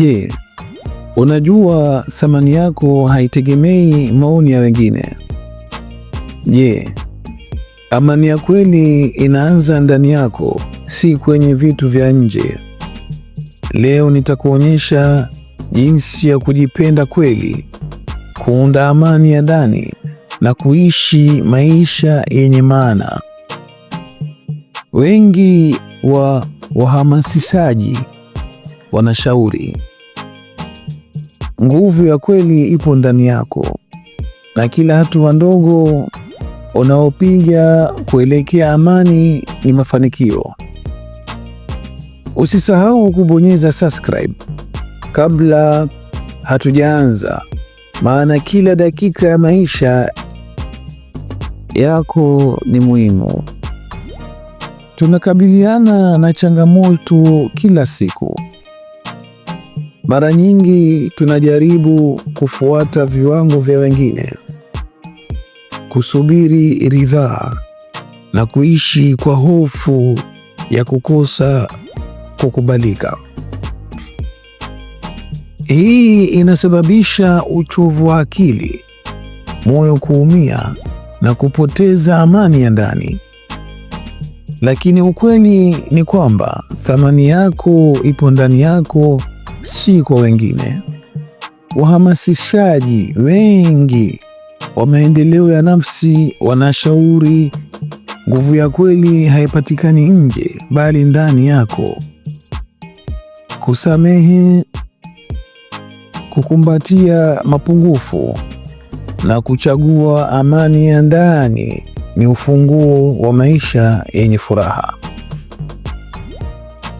Je, unajua thamani yako haitegemei maoni ya wengine? Je, amani ya kweli inaanza ndani yako, si kwenye vitu vya nje. Leo nitakuonyesha jinsi ya kujipenda kweli, kuunda amani ya ndani na kuishi maisha yenye maana. Wengi wa wahamasishaji wanashauri Nguvu ya kweli ipo ndani yako, na kila hatua ndogo unaopiga kuelekea amani ni mafanikio. Usisahau kubonyeza subscribe kabla hatujaanza, maana kila dakika ya maisha yako ni muhimu. Tunakabiliana na changamoto kila siku mara nyingi tunajaribu kufuata viwango vya wengine, kusubiri ridhaa na kuishi kwa hofu ya kukosa kukubalika. Hii inasababisha uchovu wa akili, moyo kuumia na kupoteza amani ya ndani. Lakini ukweli ni kwamba thamani yako ipo ndani yako si kwa wengine. Wahamasishaji wengi wa maendeleo ya nafsi wanashauri nguvu ya kweli haipatikani nje, bali ndani yako. Kusamehe, kukumbatia mapungufu na kuchagua amani ya ndani ni ufunguo wa maisha yenye furaha.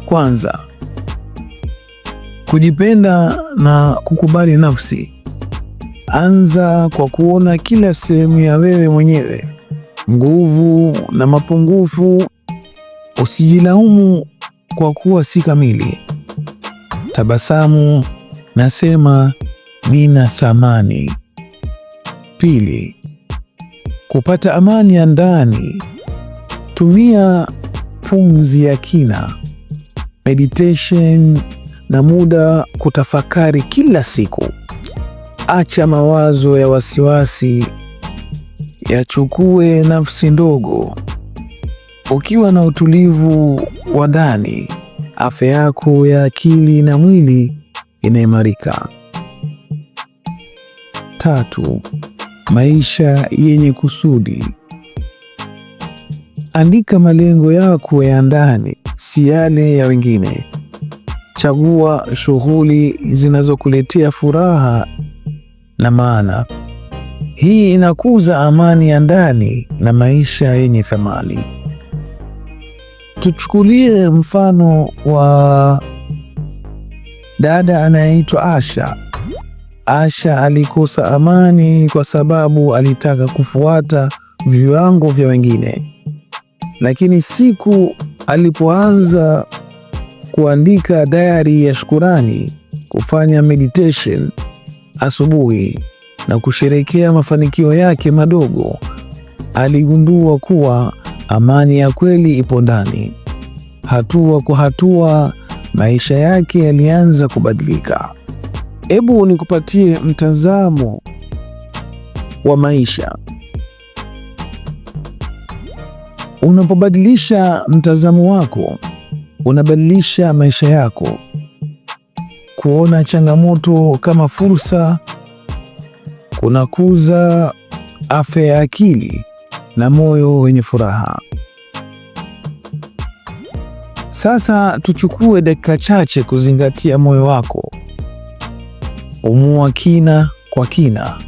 Kwanza, Kujipenda na kukubali nafsi. Anza kwa kuona kila sehemu ya wewe mwenyewe, nguvu na mapungufu. Usijilaumu kwa kuwa si kamili. Tabasamu nasema nina thamani. Pili, kupata amani ya ndani. Tumia pumzi ya kina meditation na muda kutafakari kila siku. Acha mawazo ya wasiwasi yachukue nafsi ndogo. Ukiwa na utulivu wa ndani, afya yako ya akili na mwili inaimarika. Tatu, maisha yenye kusudi. Andika malengo yako ya ndani, si yale ya wengine. Chagua shughuli zinazokuletea furaha na maana. Hii inakuza amani ya ndani na maisha yenye thamani. Tuchukulie mfano wa dada anayeitwa Asha. Asha alikosa amani kwa sababu alitaka kufuata viwango vya wengine, lakini siku alipoanza kuandika dayari ya shukurani, kufanya meditation asubuhi na kusherekea mafanikio yake madogo, aligundua kuwa amani ya kweli ipo ndani. Hatua kwa hatua, maisha yake yalianza kubadilika. Hebu nikupatie mtazamo wa maisha. Unapobadilisha mtazamo wako unabadilisha maisha yako, kuona changamoto kama fursa, kunakuza afya ya akili na moyo wenye furaha. Sasa tuchukue dakika chache kuzingatia moyo wako. Pumua kina kwa kina,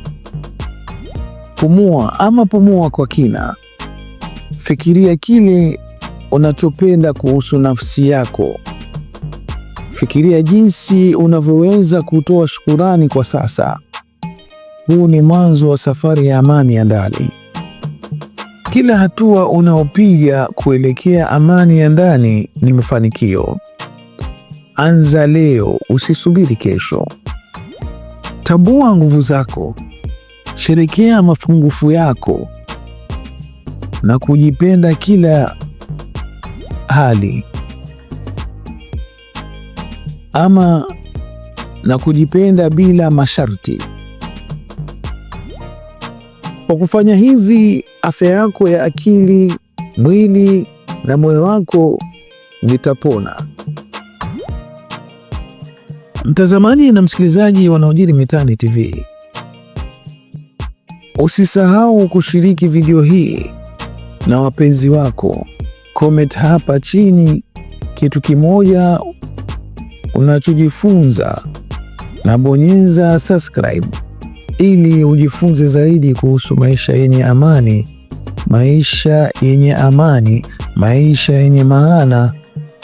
pumua ama pumua kwa kina. Fikiria kile unachopenda kuhusu nafsi yako. Fikiria jinsi unavyoweza kutoa shukurani kwa sasa. Huu ni mwanzo wa safari ya amani ya ndani. Kila hatua unaopiga kuelekea amani ya ndani ni mafanikio. Anza leo, usisubiri kesho. Tambua nguvu zako, sherekea mafungufu yako na kujipenda kila hali ama na kujipenda bila masharti. Kwa kufanya hivi, afya yako ya akili, mwili na moyo wako vitapona. Mtazamaji na msikilizaji wanaojiri mitaani TV, usisahau kushiriki video hii na wapenzi wako comment hapa chini kitu kimoja unachojifunza, na bonyeza subscribe ili ujifunze zaidi kuhusu maisha yenye amani, maisha yenye amani, maisha yenye maana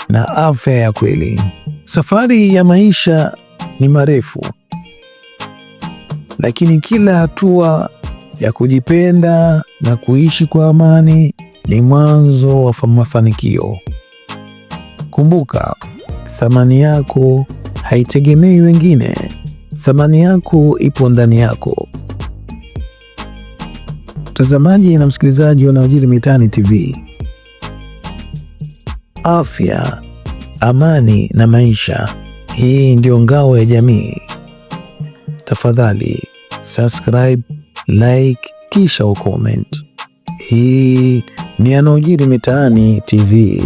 na afya ya kweli. Safari ya maisha ni marefu, lakini kila hatua ya kujipenda na kuishi kwa amani ni mwanzo wa mafanikio. Kumbuka, thamani yako haitegemei wengine. Thamani yako ipo ndani yako. Mtazamaji na msikilizaji yanayojiri mitaani TV, afya, amani na maisha, hii ndiyo ngao ya jamii. Tafadhali subscribe, like kisha ucomment. Hii ni yanayojiri mitaani TV.